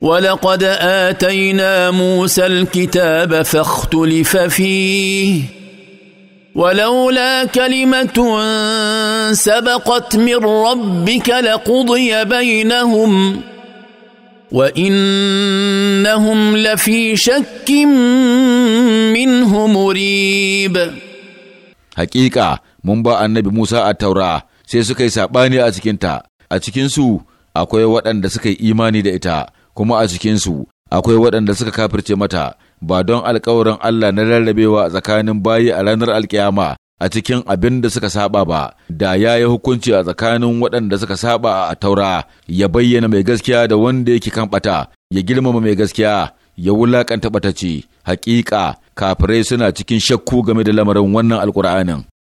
ولقد اتينا موسى الكتاب فاختلف فيه ولولا كلمه سبقت من ربك لقضي بينهم وانهم لفي شك منه مريب حقيقه mun ba annabi Musa a taura sai suka yi saɓani a cikinta, a cikinsu akwai waɗanda suka yi imani da ita, kuma a cikinsu akwai waɗanda suka kafirce mata ba don alkawarin Allah na rarrabewa tsakanin bayi a ranar alkiyama a cikin abin da suka saba ba da ya yi hukunci a tsakanin waɗanda suka saba a taura ya bayyana mai gaskiya da wanda yake kan ɓata ya girmama mai gaskiya ya wulakanta ce. hakika kafirai suna cikin shakku game da lamarin wannan alkur'anin